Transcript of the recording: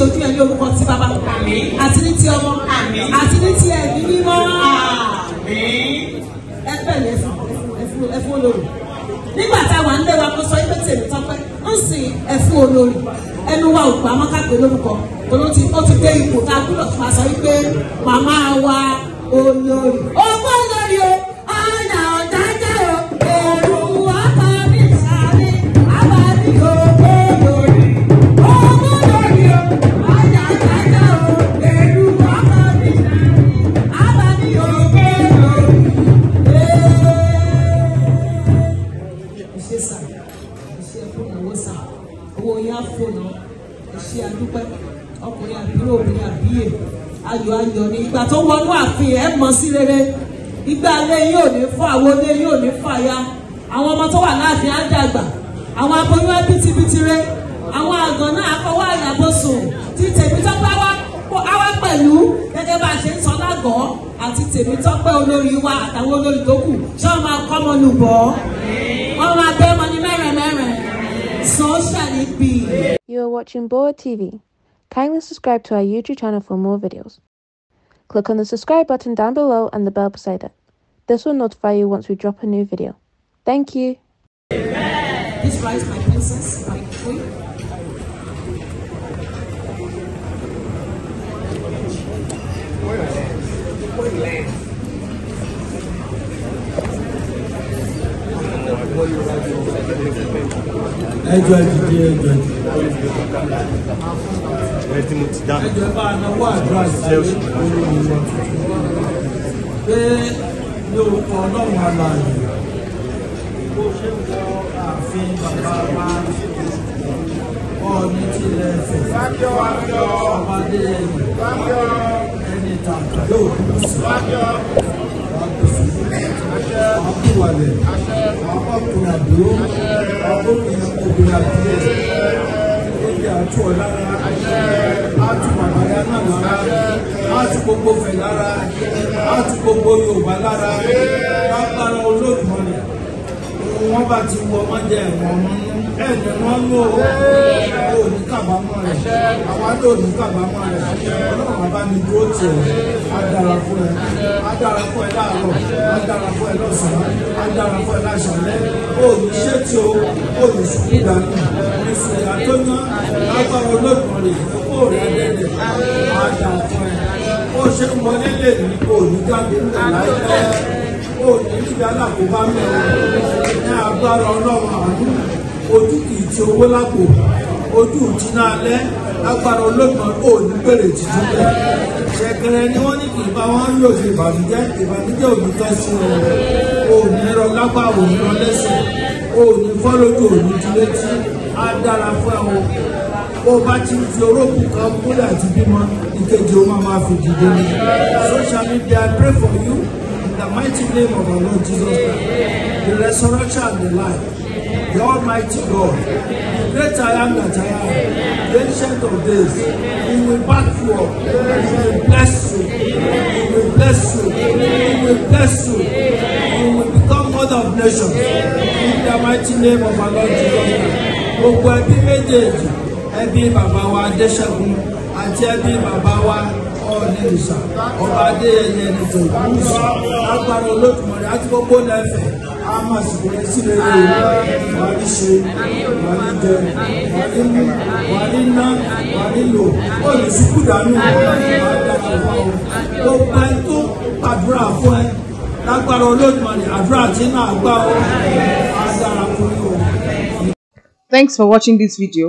ojú ẹ ní orúkọ ti bàbá àti ní ti ọmọ àti ní ti ẹ̀mí mímọ́ ẹ bẹ̀rẹ̀ ẹfún olórí nígbà tá a wà nílé wa mo sọ yí pé tèmi tọ́pẹ́ ń sìn ẹfún olórí ẹnu wa ò gbà mọ́kàgbé lórúkọ olóòtú ó ti dé ipò tá a gbúdọ̀ fà sọ wípé màmá wa olórí. ṣe fóònù owó sàn owó yá fóònù ẹṣẹ adúpẹ́ ọkùnrin àbúrò obìnrin àbíyè ayọ̀ ayọ̀ ni ìgbà tó wọnú ààfin ẹ mọ̀ sí rere ìgbà alẹ yóò ní fọ àwọn olé yóò ní fàya àwọn ọmọ tó wà láàfin á àwọn aboyún á bìtìbìtìrẹ àwọn àgàn náà akọwọ àyàbọ sùn tí tèmítọ́pẹ́ á wá pẹ̀lú gẹ́gẹ́ bá a ṣe ń sọ lágọ̀ọ́ àti tèmítọ́pẹ́ olórí wa àtàwọn olórí tó kù ṣé wọ́n máa kọ́ ọmọ lù bọ́ máa bẹ́ ọmọ ní mẹ́rin so shall it be. You are watching Boa TV. Kindly subscribe to our YouTube channel for more videos. Click on the subscribe button down below and the bell beside it. This will notify you once we drop a new video. Thank you. rise, my princess, my queen. ẹjọ́ ìdíje ẹjọ́ ìdíje. ẹjọ́ bá a náwó àdúrà sí olórí wọn pé lórúkọ ọlọ́run alààyè bó ṣe ń lọ ààfin bàbá wa ọ̀ọ́ni tilẹ̀ ẹ̀fẹ̀ ọ̀bádé ẹni tàǹtà yóò kú sí i wàá kú sí i wàá kú wàlẹ̀ àdúró ìyá àtú ọ̀ lára àtú bàbá yá náà lára àtú gbogbo fẹ̀ lára àtú gbogbo Yorùbá lára lágbára Olódùmarè wọn bá ti wọ ọmọdé ẹ̀wọ̀n ẹ̀ẹ́dẹ̀ wọn lò ó kábàámọ̀ rẹ̀ àwọn àti òní kábàámọ̀ rẹ̀ ọlọ́run bá mi dúró tì ọ́ á dára fún ẹ á dára fún ẹ láàárọ̀ á dára fún ẹ lọ́sàn-án á dára fún ẹ láṣàlẹ̀ òní ṣé tí o òní sùkú dànù òní sùkú dànù tó ná lágbára olóògùn rẹ̀ òní adẹ́rẹ̀ á dára fún ẹ ó ṣe ń wọlé lè ní òní jáde ń lè láìpẹ́ òní níbi alákòóbá mẹ́rin ní agbára ọlọ́run àánú ojú kìí ti owó lápò ojú ìjìnà alẹ́ agbára olóògbọ́n ò ní bèrè títún bẹ́ẹ̀. ṣẹ̀gẹ̀rẹ̀ ni wọ́n ní kì í wọn ń lò ìbànújẹ́ ìbànújẹ́ ò ní tọ́ sí wọn ò ní rọ lápá ò ní rọ lẹ́sẹ̀ ò ní fọ́ lójú ò ní á dára fún ẹ bó bá ti fi orókùn kan múlẹ̀ àti bímọ ìkejì o máa máa fi dìde ni. social media I pray for you the mighty name of our Lord Jesus Christ, the resurrection and the life, the Almighty God, the great I am that I am, the ancient of days. He will back you up. He will bless you. He will bless you. He will bless you. You will become mother of nations. In the mighty name of our Lord Jesus Christ. Gbogbo ẹbí méjèèjì, ẹbí bàbá wa Adéṣẹ́gun àti ẹbí bàbá wa. Ọ̀nìrìṣà ọba Adéyẹyè nìtò gúúsù agbára Olódùmarè àti lẹ́fẹ̀ á máa sì kúrẹ́ sí rere wà jẹ wà ní mú wà ní ná wà ní lò olùsùkú dànù gbogbo ẹ tó gbàdúrà fún ẹ lágbára Olódùmarè àdúrà tí náà gbà ó agbára fún yóò. Thanks for watching this video.